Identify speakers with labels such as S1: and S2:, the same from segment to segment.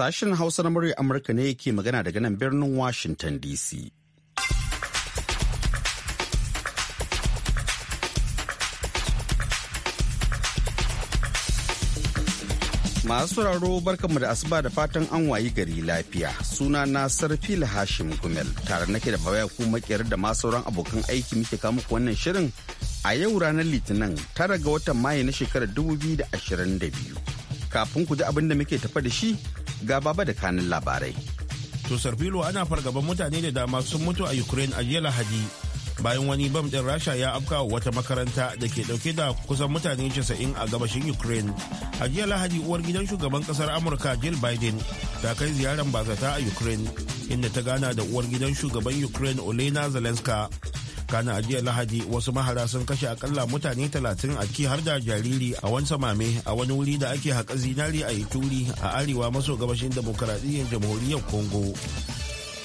S1: Sashen Hausa na murya Amurka ne yake magana daga nan birnin Washington DC. Masu sauraro barkanmu da asuba da fatan an wayi gari lafiya. Suna na sarfi Hashim Gumel tare nake da baya ku makiyar da ma sauran abokan aiki muke kama muku wannan shirin a yau ranar Litinin tara ga watan Mayu na shekarar 2022. Kafin ku ji abin da muke tafa da shi ga baba da kanin labarai.
S2: To filo ana fargaban mutane da dama sun mutu a Ukraine a jiya Lahadi bayan wani bam ɗin Rasha ya afka wata makaranta da ke ɗauke da kusan mutane 90 a gabashin Ukraine. A jiya Lahadi uwar gidan shugaban ƙasar Amurka Jill Biden ta kai ziyarar bazata a Ukraine inda ta gana da uwar gidan shugaban Ukraine Olena Zelenska kana a jiya lahadi wasu mahara sun kashe akalla mutane 30 a ki har da jariri a wani samame a wani wuri da ake haƙa zinari a ituri a arewa maso gabashin demokradiyyar jamhuriyar congo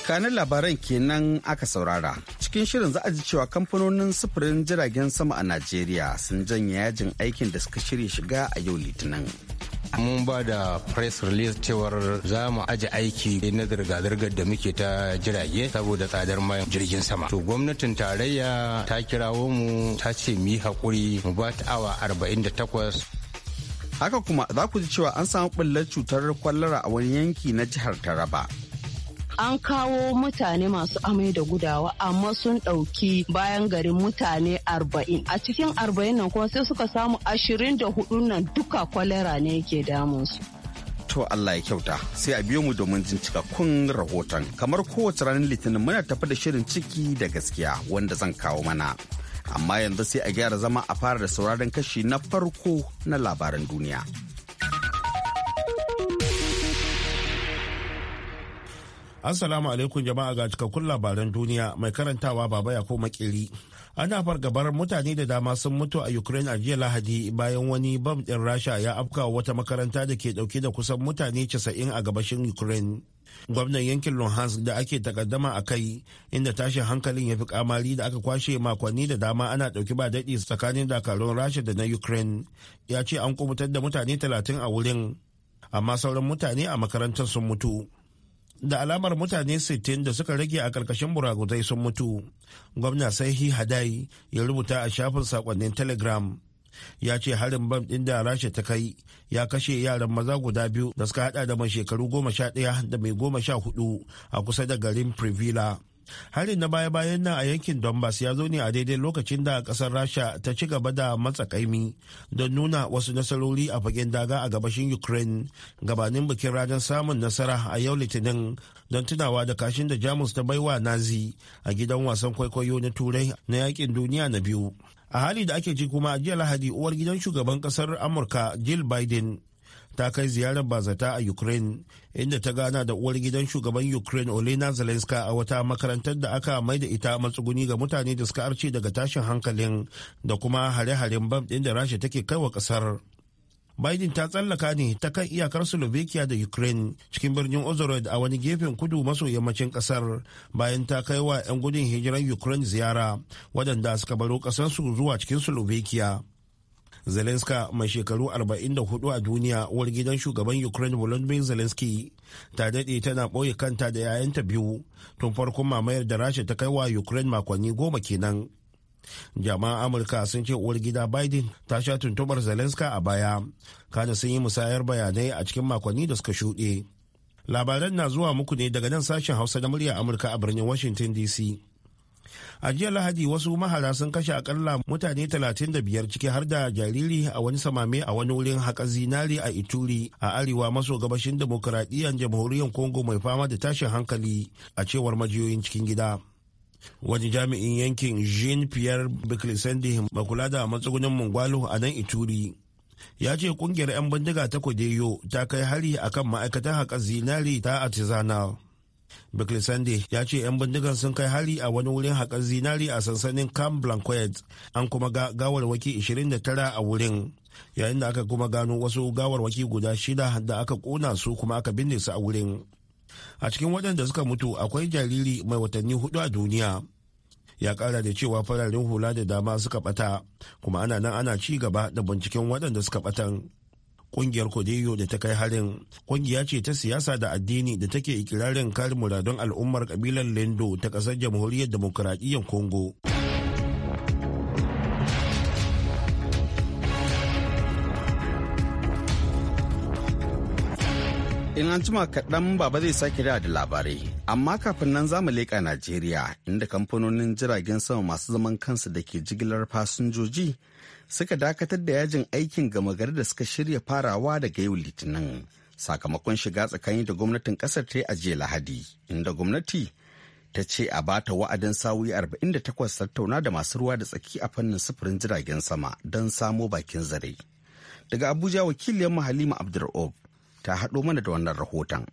S1: kanin labaran kenan aka saurara cikin shirin za a ji cewa kamfanonin sufurin jiragen sama a najeriya sun janye yajin aikin da suka shirya shiga a yau litinin
S3: mun ba da press release cewar za mu aji aiki na zirga-zirgar da muke ta jirage saboda tsadar mai jirgin sama to gwamnatin tarayya ta kirawo mu ta ce mu yi haƙuri mu ba ta
S1: awa arba'in da 48 haka kuma za ku ji cewa an samu ɓullar cutar kwallara a wani yanki na jihar taraba
S4: an kawo mutane masu amai da gudawa amma sun ɗauki bayan garin mutane arba'in a cikin arba'in nan kuma sai suka samu ashirin da hudu nan duka kwalera ne yake damunsu.
S1: to Allah ya kyauta sai a biyo mu domin jin cikakkun rahoton kamar kowace ranar litinin muna tafi da shirin ciki da gaskiya wanda zan kawo mana amma yanzu sai a gyara zama a fara da sauraron
S2: kashi na farko na labaran duniya. Assalamu alaikum jama'a ga cikakkun labaran duniya mai karantawa baba ya ko makiri. Ana fargabar mutane da dama sun mutu a Ukraine a jiya Lahadi bayan wani bam ɗin Rasha ya afka wata makaranta da ke ɗauke da kusan mutane 90 a gabashin Ukraine. Gwamnan yankin Luhansk da ake takaddama a kai inda tashin hankalin ya fi kamari da aka kwashe makonni da dama ana ɗauki ba daɗi tsakanin dakarun Rasha da na Ukraine ya ce an kubutar da mutane 30 a wurin amma sauran mutane a makarantar sun mutu. da alamar mutane 60 da suka rage a ƙarƙashin buraguzai sun mutu gwamna sahihi hadai ya rubuta a shafin sakonnin telegram ya ce harin bam ɗin da rasha ta kai ya kashe yaran maza guda biyu da suka hada da mai shekaru goma sha ɗaya da mai goma sha hudu a kusa da garin privila harin na baya-bayan nan a yankin donbass ya zo ne a daidai lokacin da kasar rasha ta ci gaba da matsakaimi don nuna wasu nasarori a fagen daga a gabashin ukraine gabanin bikin ranar samun nasara a yau litinin don tunawa da kashin da jamus ta baiwa nazi a gidan wasan kwaikwayo na turai na yakin duniya na biyu a hali da ake ji kuma a jiya lahadi uwar gidan shugaban kasar amurka jill biden ta kai ziyarar bazata a ukraine inda ta gana da uwar gidan shugaban ukraine olena zelenska a wata makarantar da aka mai da ita matsuguni ga mutane da suka arce daga tashin hankalin da kuma hare-haren bam ɗin da rasha take kai wa ƙasar biden ta tsallaka ne ta kan iyakar slovakia da ukraine cikin birnin ozorod a wani gefen kudu maso yammacin kasar bayan ta kai wa 'yan gudun hijirar ukraine ziyara waɗanda suka baro ƙasarsu zuwa cikin slovakia zelenska mai shekaru 44 a duniya uwar gidan shugaban ukraine volodymyr zelensky ta daɗe tana ɓoye kanta da 'ya'yanta biyu tun farkon mamayar da rasha ta kai wa ukraine makonni goma kenan jama'an amurka sun ce uwar gida biden ta sha tuntubar zelenska a baya kana sun yi musayar bayanai a cikin makonni da suka shuɗe labaran na zuwa muku ne daga nan sashen hausa da murya amurka a birnin washington dc a jiya lahadi wasu mahara sun kashe akalla mutane 35 ciki har da jariri a wani samame a wani wurin haƙa zinari a ituri a arewa maso gabashin demokuraɗiyyar jamhuriyar congo mai fama da tashin hankali a cewar majiyoyin cikin gida wani jami'in yankin jean pierre biclisende makula da matsugunin mungwalo a nan ituri ya ce kungiyar 'yan bindiga ta kodeyo ta kai hari akan ma'aikatan haƙa zinari ta artisanal Bikli sande ya ce 'yan bindigan sun kai hari a wani wurin haƙar zinari a sansanin Camp Blanquet an kuma ga gawarwaki 29 a wurin. Yayin da aka kuma gano wasu gawarwaki guda shida da aka ƙona su kuma aka binne su a wurin. A cikin waɗanda suka mutu akwai jariri mai watanni hudu a duniya. Ya ƙara da cewa fararen hula da dama suka ɓata kuma ana nan ana ci gaba da binciken waɗanda suka ɓatan. kungiyar kodeyo da ta kai harin kungiya ce ta siyasa da addini da take ikirarin kare muradun al'ummar kabilar lendo ta kasar jamhuriyar demokuraɗiyyar congo
S1: in an jima kaɗan baba zai sake da da labarai amma kafin nan zamu leƙa najeriya inda kamfanonin jiragen sama masu zaman kansu da ke jigilar fasinjoji suka dakatar da yajin aikin gama gari da suka shirya farawa daga yau litinin sakamakon shiga tsakani da gwamnatin kasar ta yi a jiya lahadi inda gwamnati ta ce a bata wa'adin sa'o'i 48 tattauna da masu ruwa da tsaki a fannin sufurin jiragen sama don samo bakin zare daga abuja wakiliyar halima abdur'ob ta haɗo mana da wannan rahoton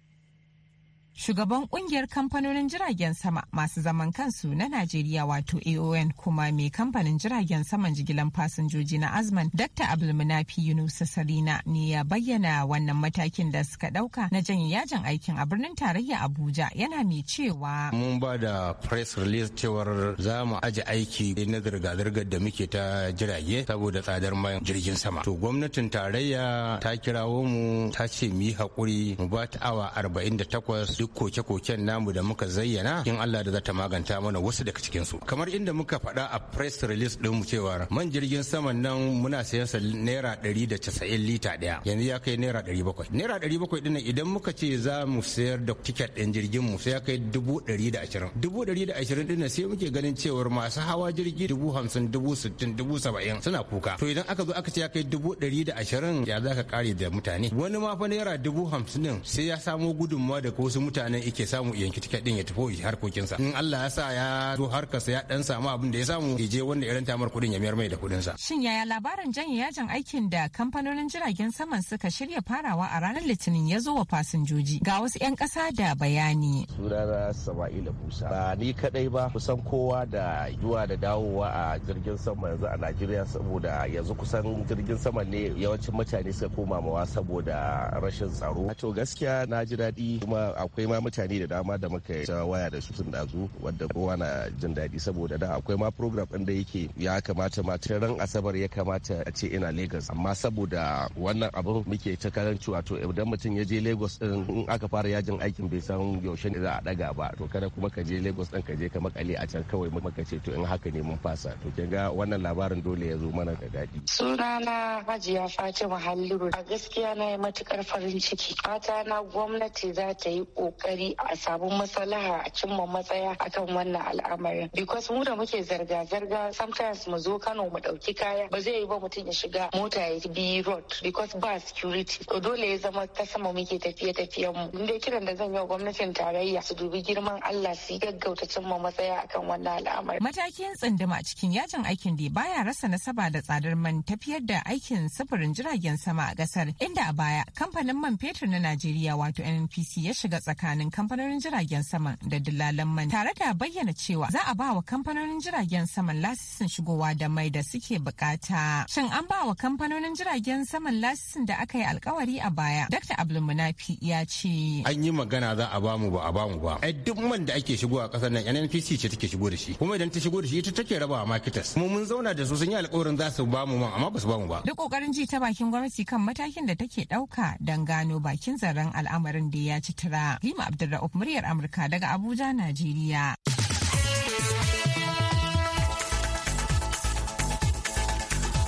S4: Shugaban kungiyar kamfanonin jiragen sama masu zaman kansu na Najeriya wato AON kuma mai kamfanin jiragen saman jigilan fasinjoji na Azman Dr. Abdulmunafi Yunus Sarina ne ya bayyana wannan matakin da suka dauka na janye yajin aikin a birnin tarayya Abuja yana mai cewa
S3: mun ba da press release cewar za mu aje aiki na zirga-zirgar da muke ta jirage saboda tsadar mai jirgin sama. To gwamnatin tarayya ta kirawo mu ta ce mu yi haƙuri mu ba ta awa 48 duk koke-koken namu da muka zayyana in Allah da za ta maganta mana wasu daga cikin su kamar inda muka faɗa a press release din mu cewa man jirgin saman nan muna sayan sa naira 190 lita daya yanzu ya kai naira 700 naira 700 din idan muka ce za mu sayar da tiket din jirgin mu sai ya kai 120 120 din sai muke ganin cewar masu hawa jirgi 50 60 70 suna kuka to idan aka zo aka ce ya kai 120 ya za ka kare da mutane wani ma fa naira 50 din sai ya samo gudunmawa daga wasu mutanen ike samu yanki tiket din ya tafi harkokinsa in Allah ya sa ya zo harkarsa ya dan samu abin da ya samu ya je wanda irin tamar kudin ya mayar mai da kudinsa
S4: shin yaya labarin janye yajin aikin da kamfanonin jiragen saman suka shirya farawa a ranar litinin ya zo wa fasinjoji ga wasu 'yan kasa da bayani
S1: sunana sama'ila musa ba ni kadai ba kusan kowa da zuwa da dawowa a jirgin sama yanzu a najeriya saboda yanzu kusan jirgin sama ne yawancin mutane suka koma mawa saboda rashin tsaro a to gaskiya na ji daɗi kuma akwai akwai ma mutane da dama da muka yi waya da su sun dazu wadda kowa na jin daɗi saboda da akwai ma program ɗin da yake ya kamata ma ran asabar ya kamata a ce ina Lagos amma saboda wannan abin muke ta karanci to idan mutum ya je Lagos din in aka fara yajin aikin bai san yaushe ne za a daga ba to kada kuma ka je Lagos din ka je ka makale a can kawai muka ce to in haka ne mun fasa to kin ga wannan labarin dole ya zo mana da daɗi.
S4: Sunana Hajiya Fatima Halliru a gaskiya na yi matukar farin ciki fata na gwamnati za ta yi kokari a samu masalaha a cimma matsaya akan wannan al'amarin because mu da muke zarga-zarga sometimes mu zo Kano mu ɗauki kaya ba zai yi ba mutum ya shiga mota ya bi road because ba security to dole ya zama ta sama muke tafiye-tafiyen mu inda kiran da zan yi wa gwamnatin tarayya su dubi girman Allah su gaggauta cimma matsaya akan wannan al'amari. Matakin tsindima a cikin yajin aikin da baya rasa nasaba da tsadar man tafiyar da aikin sufurin jiragen sama a kasar inda a baya kamfanin man fetur na Najeriya wato NNPC ya shiga tsaka. tsakanin kamfanonin jiragen saman da dillalan man tare da bayyana cewa za a ba wa kamfanonin jiragen saman lasisin shigowa da mai da suke bukata. Shin an ba wa kamfanonin jiragen saman lasisin da aka yi alkawari a baya? Dr. Abdulmunafi ya ce.
S3: An yi magana za a ba mu ba a ba mu ba. Ai duk man da ake shigo a kasar nan NNPC ce take shigo da shi. Kuma idan ta shigo da shi ita take raba wa marketers. Kuma mun zauna da su sun yi alkawarin za su ba mu man amma ba su ba mu ba.
S4: Duk kokarin ji ta bakin gwamnati kan matakin da take dauka don gano bakin zaren al'amarin da ya ci tura. Halima Abdulra'uf muryar Amurka daga Abuja, Najeriya.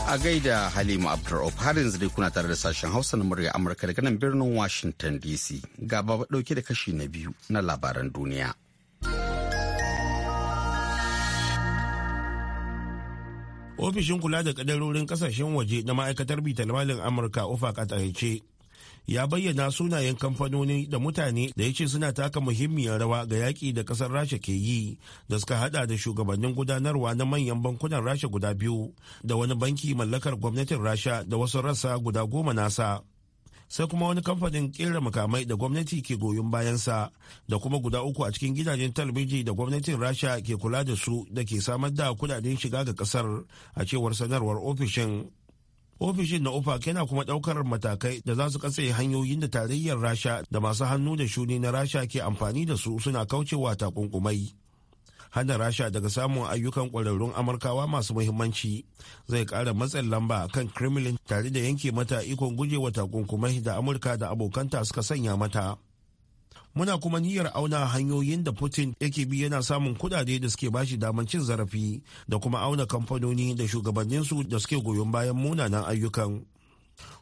S1: A gaida Halima Abdulra'uf har yanzu dai kuna tare da sashen Hausa na muryar Amurka daga nan birnin Washington DC. Ga baba dauke da kashi na biyu na labaran duniya.
S2: ofishin kula da kadarorin kasashen waje na ma'aikatar bitalmalin amurka ofa a ya bayyana sunayen kamfanoni da mutane da ya ce suna taka muhimmiyar rawa ga yaƙi da ƙasar rasha ke yi da suka hada da shugabannin gudanarwa na manyan bankunan rasha guda biyu da wani banki mallakar gwamnatin rasha da wasu rasa guda goma nasa sai kuma wani kamfanin kera makamai da gwamnati ke goyon bayansa da kuma guda uku a cikin gidajen talabijin da gwamnatin rasha ke kula da su da ke samar da kudaden shiga ga kasar a cewar sanarwar ofishin ofishin na Ufa yana kuma daukar matakai da za su katse hanyoyin da tarayyar rasha da masu hannu da shuni na rasha ke amfani da su suna kaucewa takunkumai hana rasha daga samun ayyukan kwararrun amurkawa masu muhimmanci zai kara matsin lamba kan kremlin tare da yanke mata ikon gujewa takunkumai da amurka da abokanta suka sanya mata muna kuma niyyar auna hanyoyin da putin yake bi yana samun kudade da suke bashi daman cin zarafi da kuma auna kamfanoni da shugabanninsu da suke goyon bayan munanan ayyukan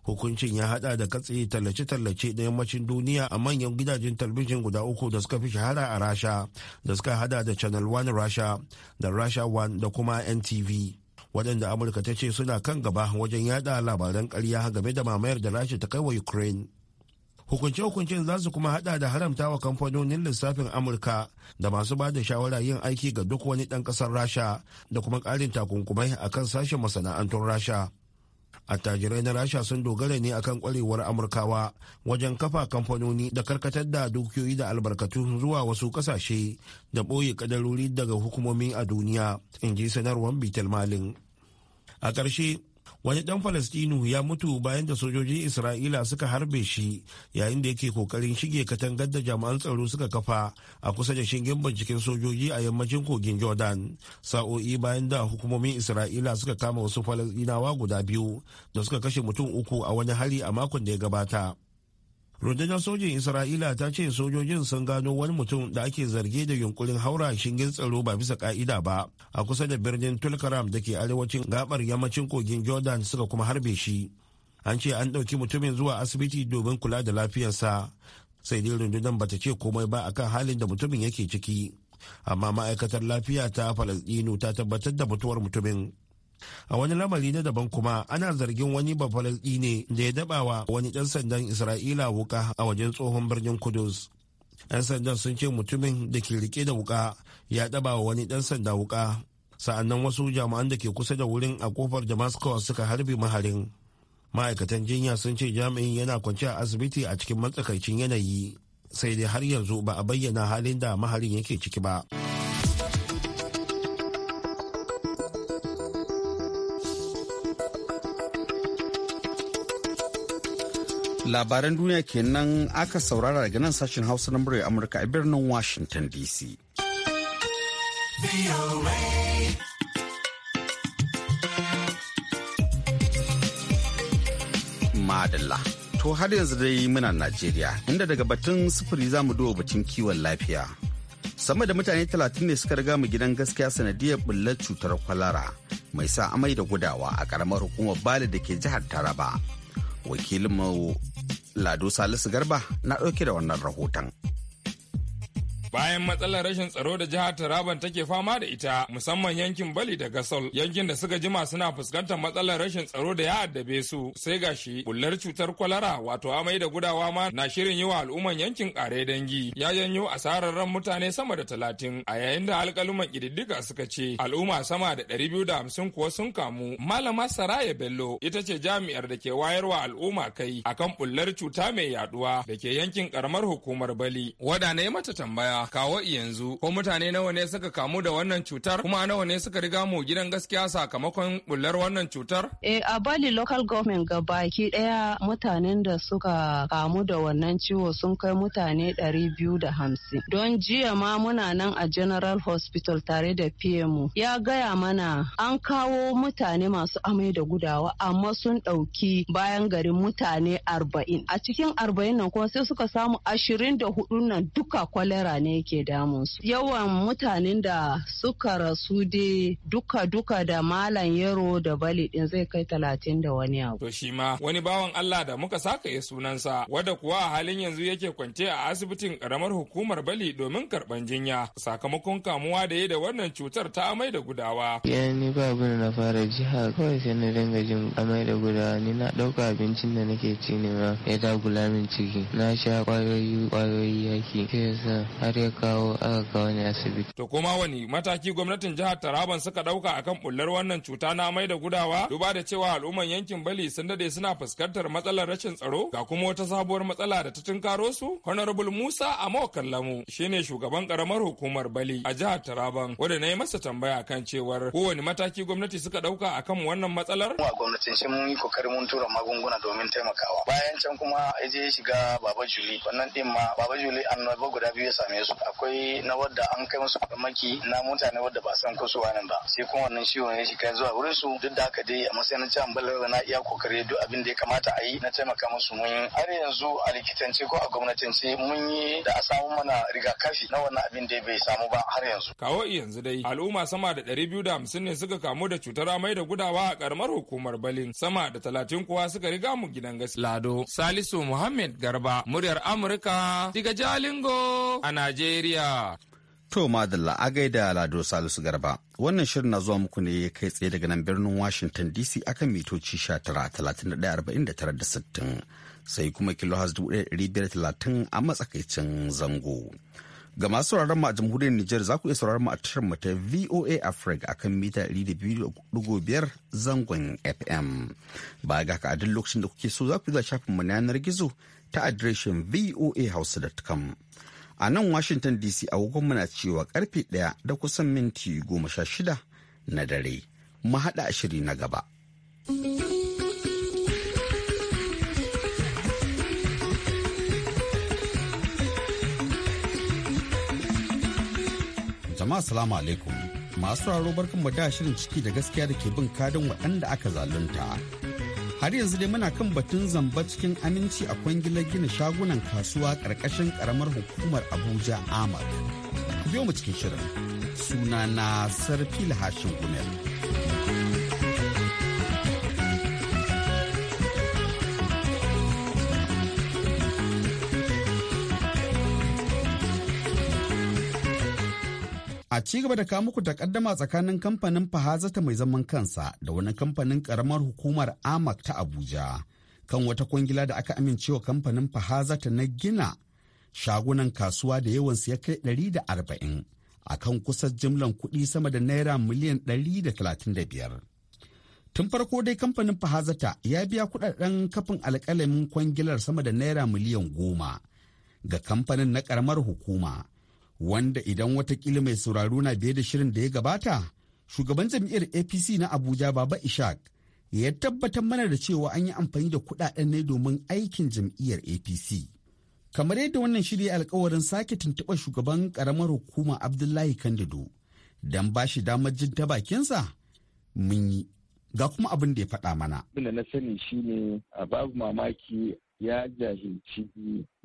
S2: hukuncin ya hada da katse tallace-tallace na yammacin duniya a manyan gidajen talbijin guda uku da suka fi shahara a rasha da suka hada da channel one rasha da rasha one da kuma ntv waɗanda amurka ta ce suna kan gaba wajen yada labaran karya game da mamayar da rasha ta kai wa ukraine hukunce-hukuncen za su kuma hada da haramta wa kamfanonin lissafin amurka da masu ba da shawara yin aiki ga duk wani ɗan ƙasar rasha da kuma ƙarin takunkumai a kan sashen masana'antun rasha attajirai na rasha sun dogara ne akan kwarewar amurkawa wajen kafa kamfanoni da karkatar da dukiyoyi da albarkatu zuwa wasu kasashe da ɓoye kadarori daga hukumomi a duniya in ji sanarwar bitel malin a ƙarshe wani dan falastinu ya mutu bayan da sojojin isra'ila suka harbe shi yayin da yake kokarin shige katangar da jami'an tsaro suka kafa a kusa da shingen binciken sojoji a yammacin kogin jordan sa'o'i bayan da hukumomin isra'ila suka kama wasu falastinawa guda biyu da suka kashe mutum uku a wani hari a makon da ya gabata rundunar sojin isra'ila ta ce sojojin sun gano wani mutum da ake zarge da yunkurin haura shingen tsaro ba bisa ka'ida ba a kusa da birnin tulkaram da ke arewacin gabar yammacin kogin jordan suka kuma harbe shi an ce an ɗauki mutumin zuwa asibiti domin kula da lafiyarsa sai dai rundunar bata ce komai ba akan halin da mutumin yake ciki amma ma'aikatar lafiya ta falasɗinu ta tabbatar da mutuwar mutumin a wani lamari na daban kuma ana zargin wani bafalasdi ne da ya wa wani ɗan sandan isra'ila wuka a wajen tsohon birnin kudus 'yan sandan sun ce mutumin da ke rike da wuka ya daba wa wani ɗan sanda wuka sa'annan wasu jami'an da ke kusa da wurin a kofar damascus suka harbe maharin ma'aikatan jinya sun ce jami'in yana kwance a asibiti a cikin matsakaicin yanayi sai dai har yanzu ba a bayyana halin da maharin yake ciki ba.
S1: labaran duniya kenan aka saurara daga nan sashen hausa na murya amurka a birnin washington dc madalla to har yanzu dai muna najeriya inda daga batun sufuri za mu duba batun kiwon lafiya sama da mutane 30 ne suka riga mu gidan gaskiya sanadiyar bullar cutar kwalara mai sa amai da gudawa a karamar hukumar bali da ke jihar taraba wakilin Lado Salisu Garba na ɗauke da wannan rahoton.
S5: bayan matsalar rashin tsaro da jihar Taraban take fama da ita musamman yankin Bali da Gasol yankin da suka jima suna fuskantar matsalar rashin tsaro da ya addabe su sai gashi bullar cutar kwalara wato amai da gudawa ma na shirin yi wa al'umman yankin kare dangi ya janyo asarar ran mutane sama da talatin a yayin da alkaluman ƙididdiga suka ce al'umma sama da ɗari biyu da hamsin kuwa sun kamu malama Saraya Bello ita ce jami'ar da ke wayarwa al'umma kai akan bullar cuta mai yaduwa da ke yankin karamar hukumar Bali wada na mata tambaya kawo yanzu ko mutane nawa ne suka kamu da wannan cutar kuma nawa ne suka riga mu gidan gaskiya sakamakon bullar wannan cutar?
S4: Eh a Bali local government ga baki daya mutanen da suka kamu da wannan ciwo sun kai mutane 250. Don jiya ma muna nan a General Hospital tare da PMO. Ya gaya mana an kawo mutane masu amai da gudawa amma sun ɗauki bayan garin mutane 40. A cikin 40 nan kuma sai suka samu 24 nan duka kwalera ne ne yake damun su yawan mutanen da suka rasu dai duka duka da malam yaro da bali din zai kai talatin da wani
S5: abu to shi ma wani bawan Allah da muka saka ya sunansa wanda kuwa a halin yanzu yake kwance a asibitin karamar hukumar bali domin karban jinya sakamakon kamuwa da ya da wannan cutar ta amai da gudawa ni ba abin na fara jiha kawai sai na dinga jin amai da gudawa ni na dauka abincin da nake ci ne ma ya da min ciki na sha kwayoyi kwayoyi yaki sai yasa har ya kawo aka kawo asibiti. To kuma wani mataki gwamnatin jihar Taraban suka ɗauka akan bullar wannan cuta na mai da gudawa duba da cewa al'umman yankin Bali sun dade suna fuskantar matsalar rashin tsaro ga kuma wata sabuwar matsala da ta tunkaro su Honorable Musa Amo Kallamu shine shugaban karamar hukumar Bali a jihar Taraban wanda na yi masa tambaya kan cewar kowane mataki gwamnati suka ɗauka akan wannan matsalar. Mu
S6: gwamnatin shi mun yi kokarin mun tura magunguna domin taimakawa. Bayan can kuma ya je shiga Baba Juli wannan din ma Baba Juli an guda biyu ya same su. akwai na wadda an kai musu farmaki na mutane wadda ba san kasu nan ba sai kuma wannan ciwon ya shiga zuwa wurin su duk da haka dai a matsayin can na iya kokari duk abin da ya kamata a yi na taimaka musu mun har yanzu a likitance ko a gwamnatance mun yi da a samu mana rigakafi na wannan abin da bai samu ba har yanzu
S5: kawo yanzu dai al'umma sama da ɗari biyu da hamsin ne suka kamu da cutar amai da gudawa a karamar hukumar balin sama da talatin kuwa suka riga mu gidan gaskiya lado salisu muhammad garba muryar amurka diga jalingo a Najeriya.
S1: To Madalla a gaida Lado Salisu Garba. Wannan shirin na zuwa muku ne kai tsaye daga nan birnin Washington DC akan mitoci sittin sai kuma kilohaz 1,530 a matsakaicin zango. Ga masu sauraron mu a jamhuriyar Nijar za ku iya sauraron mu a tashar mu ta VOA Africa akan mita 200.5 zangon FM. Ba ga ka a duk lokacin da kuke so za ku iya shafin mu na yanar gizo ta adireshin voahausa.com. a nan washington dc agogon muna cewa karfe daya da kusan minti goma sha shida na dare mu haɗa ashiri na gaba jama'a salamu alaikum masu raro barkan mu da shirin ciki da gaskiya da ke bin kadin waɗanda aka zalunta har yanzu dai muna kan batun zamba cikin aminci a kwangilar gina shagunan kasuwa ƙarƙashin ƙaramar hukumar abuja amur biyo mu cikin shirin sunana sarfi hashin gumel A ci gaba da kawo muku takaddama tsakanin kamfanin Fahazata mai zaman kansa da wani kamfanin karamar hukumar Amak ta Abuja kan wata kwangila da aka amincewa kamfanin Fahazata na gina shagunan kasuwa da yawansu ya kai 140 a kan kusa jimlan kuɗi sama da naira miliyan 135. Tun farko dai kamfanin Fahazata ya biya kuɗaɗen kafin alƙalamin kwangilar sama da naira miliyan goma ga kamfanin na ƙaramar hukuma. wanda idan watakila mai sauraro na biye da shirin da ya gabata shugaban jam'iyyar apc na abuja baba ishaq ya tabbatar mana da cewa an yi amfani da kudaden ne domin aikin jam'iyyar apc kamar yadda wannan shirya alkawarin sake tuntuɓar shugaban karamar hukuma abdullahi kandido don ba shi damar jin ta bakinsa mun yi ga kuma abin da ya faɗa mana.
S6: Abin da na sani shine babu mamaki ya jahilci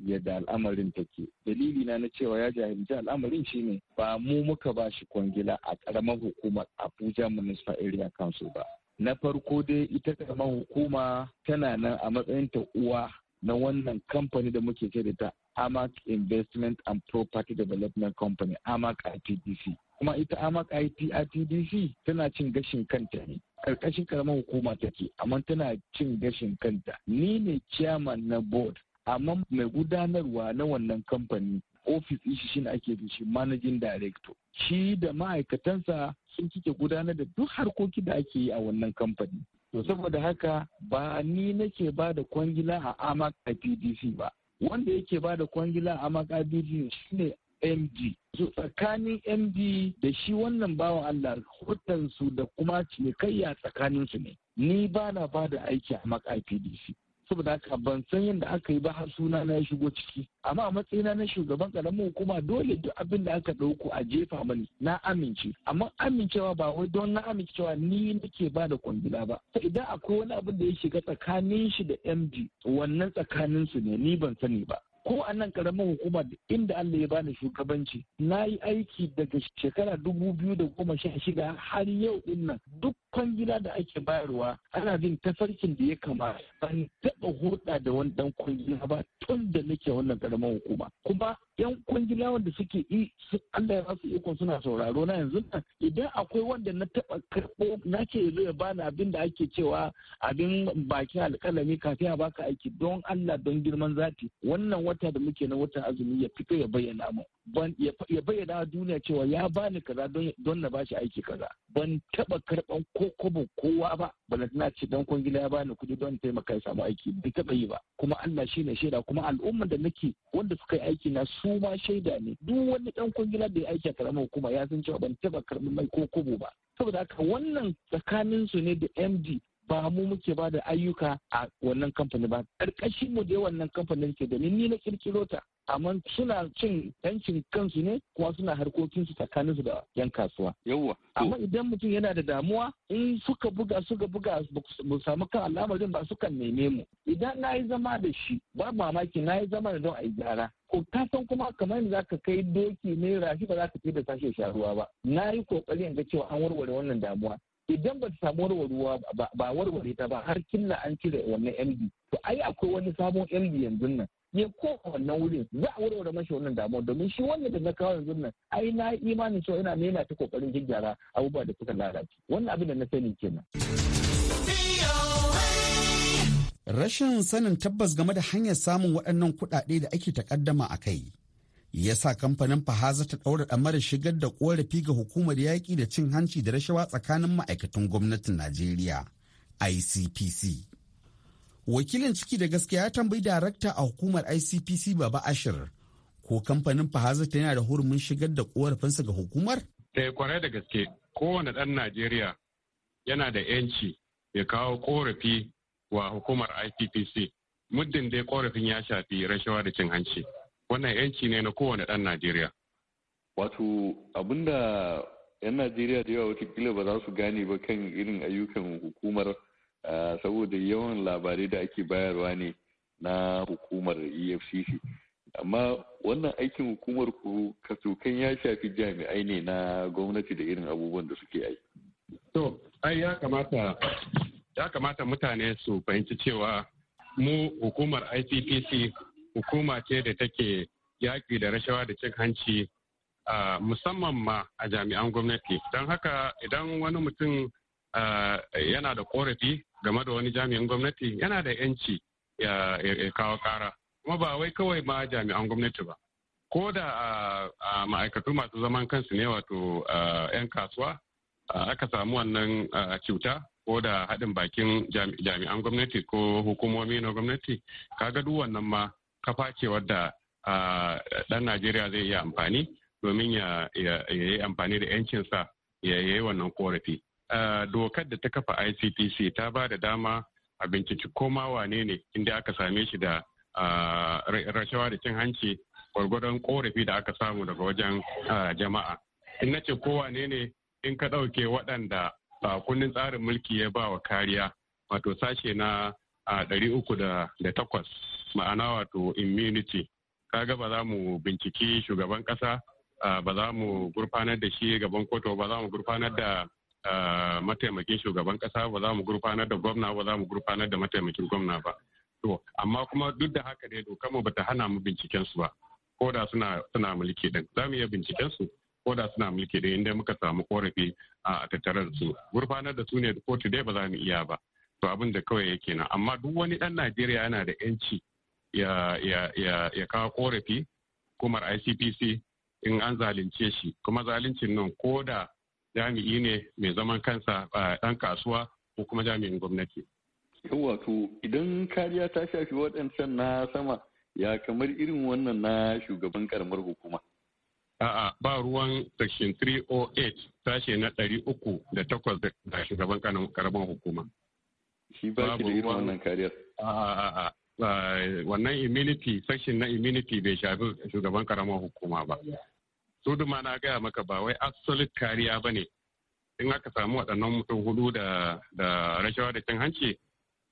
S6: yadda al'amarin take dalili na na cewa ya jahilci al'amarin shine ba mu muka ba shi kwangila a karamar hukumar abuja municipal area council ba na farko dai ita karamar hukuma tana nan a matsayin ta uwa na wannan kamfani da muke ce da ta amac investment and property development company amac ipdc kuma ita amac ipdc tana cin gashin kanta ne karkashin karamar hukuma take amma tana cin gashin kanta ni ne chairman na board amma mai gudanarwa na wannan kamfani ofis ishi shi ake da shi managing director shi da ma'aikatansa sun kike gudanar da duk harkoki da ake yi a wannan kamfani to saboda haka ba ni nake ba da kwangila a amak a pdc ba wanda yake ba da kwangila a amak a pdc ne. md su tsakanin md da shi wannan bawan allah hudansu da kuma cinikayya tsakaninsu ne ni ba na ba da aiki a maka ipdc saboda haka ban san yadda aka yi ba har suna na shigo ciki amma a matsayina na shugaban karamin hukuma dole duk abin da aka dauko a jefa mani na amince amma amincewa ba wai don na amincewa ni nake ba da kwangila ba sai idan akwai wani abin da ya shiga tsakanin shi da md wannan tsakanin su ne ni ban sani ba ko a nan karamin hukumar, inda Allah ya bani shugabanci na yi aiki daga shekara dubu da goma sha har yau din nan duk gida da ake bayarwa ana bin tafarkin da ya kamata ban taɓa hulɗa da wani ɗan kwangila ba tun da nake wannan ƙaramin hukuma kuma yan kwangila wanda suke yi Allah ya rasu ikon suna sauraro na yanzu nan idan akwai wanda na taɓa karɓo na ce yanzu ya bani abin da ake cewa abin bakin alƙalami kafin a baka aiki don Allah don girman zati wannan wata da muke na watan azumi ya fito ya bayyana mu ya bayyana duniya cewa ya bani kaza don na ba shi aiki kaza ban taba karban ko kobo kowa ba bana na ce dan kwangila ya bani kuɗi don taimaka ya samu aiki bai taba yi ba kuma Allah shi ne shaida kuma al'ummar da nake wanda suka yi aiki na su ma shaida ne duk wani dan kwangila da ya aiki a karamar hukuma ya san cewa ban taba karban mai ko kobo ba saboda haka wannan tsakanin su ne da MD ba mu muke ba da ayyuka a wannan kamfani ba ƙarƙashi mu da wannan kamfanin ke domin ni na kirkiro ta amma suna cin yancin kansu ne kuma suna harkokinsu tsakaninsu da yan kasuwa. Yawwa. Amma idan mutum yana da damuwa in suka buga suka buga mu samu kan al'amarin ba sukan neme mu. Idan na yi zama da shi ba mamaki na yi zama da don a yi gyara. Ko ka san kuma kamar za ka kai doki ne rafi ba za ka fi da sashe sharuwa ba. Na yi kokari in ga cewa an warware wannan damuwa. idan ba ta samu warwarwa ba warware ta ba har killa an cire wannan md to ai akwai wani sabon md yanzu nan ya ko wannan wurin za a warware mashi wannan damuwa domin shi wannan da na kawo yanzu nan ai na imanin cewa ina nema ta kokarin gyara abubuwa da suka lalace wannan abin da na sani kenan
S1: rashin sanin tabbas game da hanyar samun waɗannan kuɗaɗe da ake takaddama a kai ya sa kamfanin fahaza ta ɗaura ɗamarar shigar da ƙorafi ga hukumar yaƙi da cin hanci da rashawa tsakanin ma'aikatan gwamnatin najeriya icpc wakilin ciki da gaskiya ya tambayi darakta a hukumar icpc baba ashir ko kamfanin fahaza ta yana da hurumin shigar da ƙorafinsa ga hukumar
S7: ɗaya eh, kwarai da gaske kowane ɗan najeriya yana da 'yanci ya kawo ƙorafi wa hukumar icpc muddin dai ƙorafin ya shafi rashawa da cin hanci wannan yanki
S8: ne na kowane ɗan najeriya wato abinda 'yan najeriya da yawa watakila ba za su gane ba kan irin ayyukan hukumar saboda yawan labarai da ake bayarwa ne na hukumar efcc amma wannan aikin hukumar ku kan ya shafi jami'ai ne na gwamnati da irin abubuwan da suke ai.
S7: to ai ya kamata
S8: ya kamata mutane su fahimci
S7: cewa mu hukumar icpc hukuma ce da take yaƙi da rashawa da cin hanci musamman ma a jami'an gwamnati don haka idan wani mutum yana da korafi game da wani jami'an gwamnati yana da 'yanci ya kawo kara kuma ba wai kawai ma jami'an gwamnati ba ko da a ma'aikatu masu zaman kansu ne wato 'yan kasuwa aka samu wannan cuta ko da haɗin bakin jami'an gwamnati ko hukumomi na gwamnati kaga duk wannan ma kafa ce wadda ɗan Najeriya zai iya amfani domin ya yi amfani da 'yancinsa ya yi wannan korafi. Dokar da ta kafa ICTC ta ba da dama a binciki koma wane ne inda aka same shi da rashawa da cin hanci gwargwadon korafi da aka samu daga wajen jama'a. In na ce kowane ne in ka ɗauke waɗanda kundin tsarin mulki ya ba wa kariya wato sashe na 308 ma'ana wato immunity kaga ba za mu binciki shugaban kasa ba za mu gurfanar da shi gaban kotu ba za mu gurfanar da mataimakin shugaban kasa ba za mu gurfanar da gwamna ba za mu gurfanar da mataimakin gwamna ba to amma kuma duk da haka dai dokar mu bata hana mu binciken su ba ko da suna suna mulki din za mu iya binciken su ko da suna mulki din inda muka samu korafi a tattare da su gurfanar da su ne kotu dai ba za mu iya ba to abin da kawai yake nan amma duk wani dan Najeriya yana da yanci ya kawo korafi hukumar ICPC in an zalunce shi kuma zaluncin nan ko da jami'i ne mai zaman kansa ɗan kasuwa ko kuma jami'in gwamnati.
S8: wato idan kariya ta shafi waɗancan na sama ya kamar irin wannan na shugaban karamar hukuma. A'a ba ruwan section 308 sashe na
S7: 308 da shugaban karamar hukuma. Shi ba ki da irin wannan kariyar. A'a a'a Uh, wannan immunity section na immunity bai shafi shugaban karamar hukuma ba su duma na gaya maka ba wai absolute kariya ba ne in aka samu waɗannan mutum hudu da rashawa da cin hanci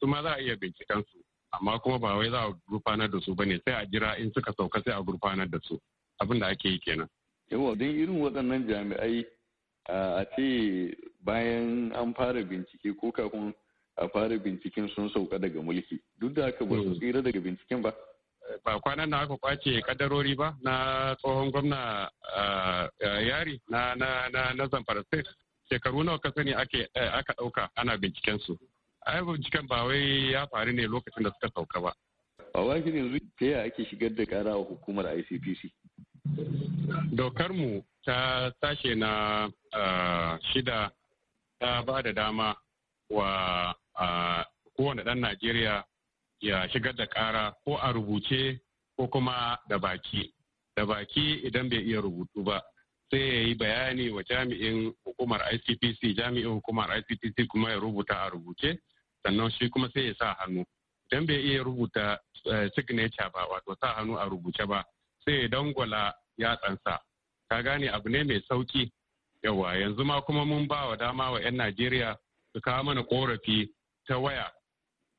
S7: su ma za a iya binciken su amma kuma ba wai za a gurfanar da su ba ne sai a jira in suka sauka sai a gurfanar da su abin da ake yi kenan.
S8: yawa don irin waɗannan jami'ai a ce bayan an fara bincike ko kafin a fara binciken sun sauka daga mulki duk da haka ba su hmm. tsira daga binciken ba
S7: ba kwanan na aka kwace kadarori ba na tsohon gwamna yari na na na zamfara state shekaru nawa ka sani eh, aka dauka ana binciken su ai binciken ba wai ya faru ne lokacin da suka sauka ba
S8: a wajen yanzu ta yaya ake shigar da kara wa hukumar ICPC
S7: dokar mu ta sashe na shida ta ba da dama wa a kowane ɗan Najeriya ya shigar da ƙara ko a rubuce ko kuma da baki. Da baki idan bai iya rubutu ba sai ya yi bayani wa jami'in hukumar ICPC jami'in hukumar ICPC kuma ya rubuta a rubuce sannan shi kuma sai ya sa hannu. Idan bai iya rubuta eh, signature ba wato sa hannu a rubuce ba sai ya dangwala yatsansa. Ka gane abu ne mai sauki yawa yanzu ma kuma mun ba wa dama wa 'yan Najeriya su kawo mana korafi ta waya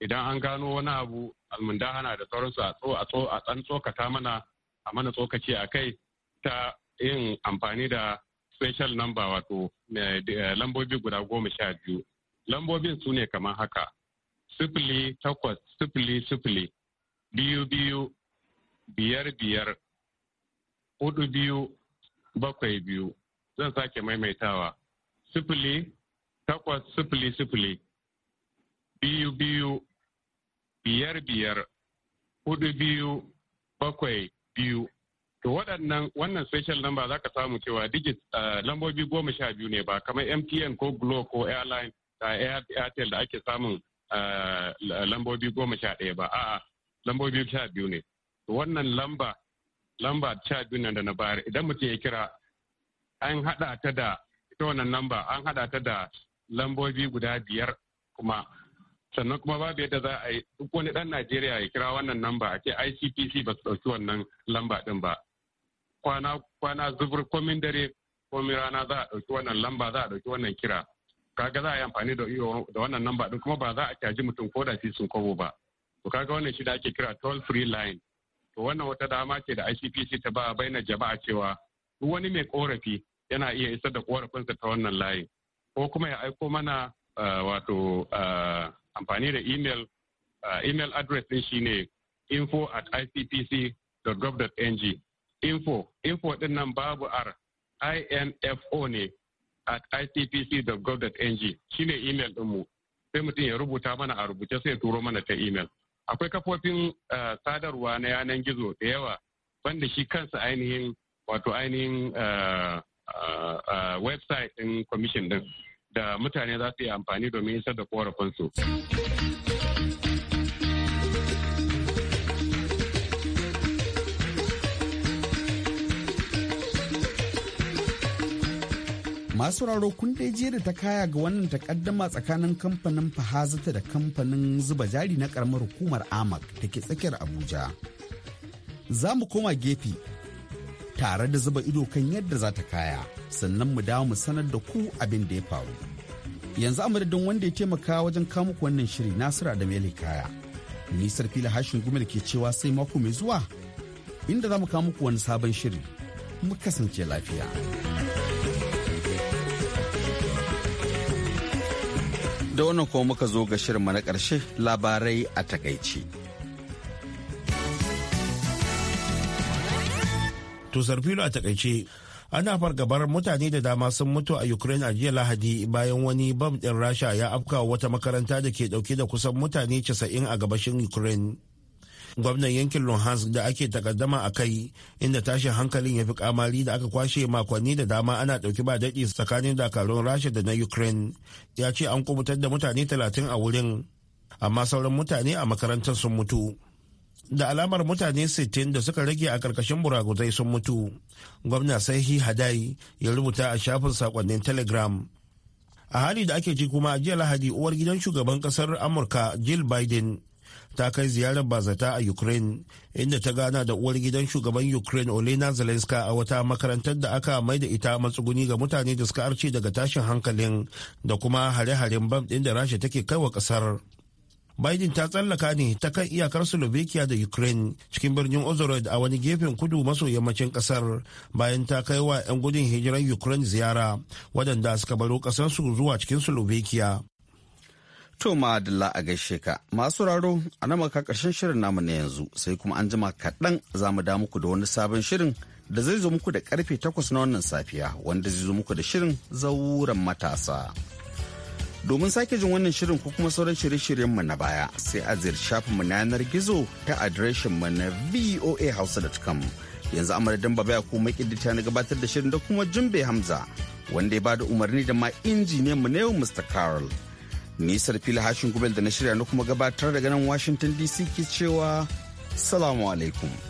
S7: idan an gano wani abu almundahana da sauransu a tso a tsan tsokata mana a mana tsokaci a kai ta yin amfani da special number wato eh, eh, lambobi guda goma sha biyu lambobin su ne kamar haka sifili takwas sifili sifili biyu biyu biyar biyar hudu biyu bakwai biyu zan sake maimaitawa sifili takwas sifili sifili biyu biyu biyar biyar hudu biyu bakwai biyu to waɗannan wannan special number za ka samu cewa digit eh, lambobi goma sha biyu ne ba kamar mtn ko glo ko airline da eh, airtel da ake samun eh, lambobi goma sha ɗaya ba a'a lambobi sha biyu ne wannan lamba lamba sha biyu nan da na bayar idan mutum ya kira an haɗa ta da ita wannan lamba an haɗa ta da lambobi guda biyar kuma sannan kuma babu yadda za a yi duk wani dan Najeriya ya kira wannan namba a ce ICPC ba su ɗauki wannan lamba ɗin ba kwana kwana zubur komin dare komin rana za a ɗauki wannan lamba za a ɗauki wannan kira kaga za a yi amfani da wannan namba ɗin kuma ba za a caji mutum ko da fi sun kobo ba to kaga wannan shi da ake kira toll free line to wannan wata dama ce da ICPC ta ba bayyana jama'a cewa duk wani mai korafi yana iya isar da korafinsa ta wannan layi ko kuma ya aiko mana eh, wato eh, amfani da email uh, email address din shine info at icpc.gov.ng info info din nan babu r info ne at icpc.gov.ng shine email ɗinmu sai mutum ya rubuta mana a rubuce sai ya turo mana ta email akwai kafofin uh, sadarwa na yanan gizo da yawa banda shi kansa ainihin wato ainihin uh, website din commission din da mutane za su yi amfani domin isar da korafinsu.
S1: masu raro kun dai jiya da ta kaya ga wannan takaddama tsakanin kamfanin fahazata da kamfanin zuba jari na karamar hukumar amak da ke tsakiyar abuja za mu koma gefe tare da zuba ido kan yadda za ta kaya sannan mu dawo mu sanar da ku abin da ya faru yanzu amadadin wanda ya taimaka wajen kamuku wannan shiri nasiru da mai kaya nisar fila hashin gumel ke cewa sai mako mai zuwa inda za mu ku wani sabon shiri mu kasance lafiya da wannan kuma muka zo ga shirinmu na ƙarshe labarai a
S2: takaici to zarfilo a takaice ana fargabar mutane da dama sun mutu a ukraine a jiya lahadi bayan wani bam ɗin rasha ya afka wata makaranta da ke ɗauke da kusan mutane 90 a gabashin ukraine gwamnan yankin luhansk da ake takaddama a kai inda tashin hankalin ya fi kamari da aka kwashe makonni da dama ana ɗauki ba daɗi tsakanin dakarun rasha da na ukraine ya ce an kubutar da mutane 30 a wurin amma sauran mutane a makarantar sun mutu da alamar mutane 60 da suka rage a karkashin buraguzai sun mutu gwamna sahi hadai ya rubuta a shafin sakonnin telegram a hali da ake ji kuma jiya lahadi uwar gidan shugaban kasar amurka jill biden ta kai ziyarar bazata a ukraine inda ta gana da uwar gidan shugaban ukraine olena zelenska a wata makarantar da aka mai da ita matsuguni ga mutane da suka arce daga tashin hankalin da kuma hare-haren bam ɗin da rasha take kaiwa ƙasar. kasar Biden ta tsallaka ne ta kan iyakar Slovakia da Ukraine cikin birnin Ozorod a wani gefen kudu maso yammacin kasar bayan ta kai wa 'yan gudun hijiran Ukraine ziyara wadanda suka baro kasar su zuwa cikin Slovakia.
S1: To madalla a gaishe ka
S2: masu raro
S1: a nan maka ƙarshen shirin namu na yanzu sai kuma an jima kaɗan za mu da muku da wani sabon shirin da zai zo muku da karfe takwas na wannan safiya wanda zai zo muku da shirin zauren matasa. Domin sake jin wannan shirin ko kuma sauran shirye mu na baya sai a ziyarci mu na yanar gizo ta mu na voahouse.com. Yanzu amaradin baba ya kuma ta na gabatar da shirin da kuma Jumbe Hamza wanda ya bada umarni da ma injiniyan mu na yau Mr. Carl. Nisar fili hashin gubel da na shirya na kuma gabatar daga nan Washington DC ke cewa Salamu alaikum.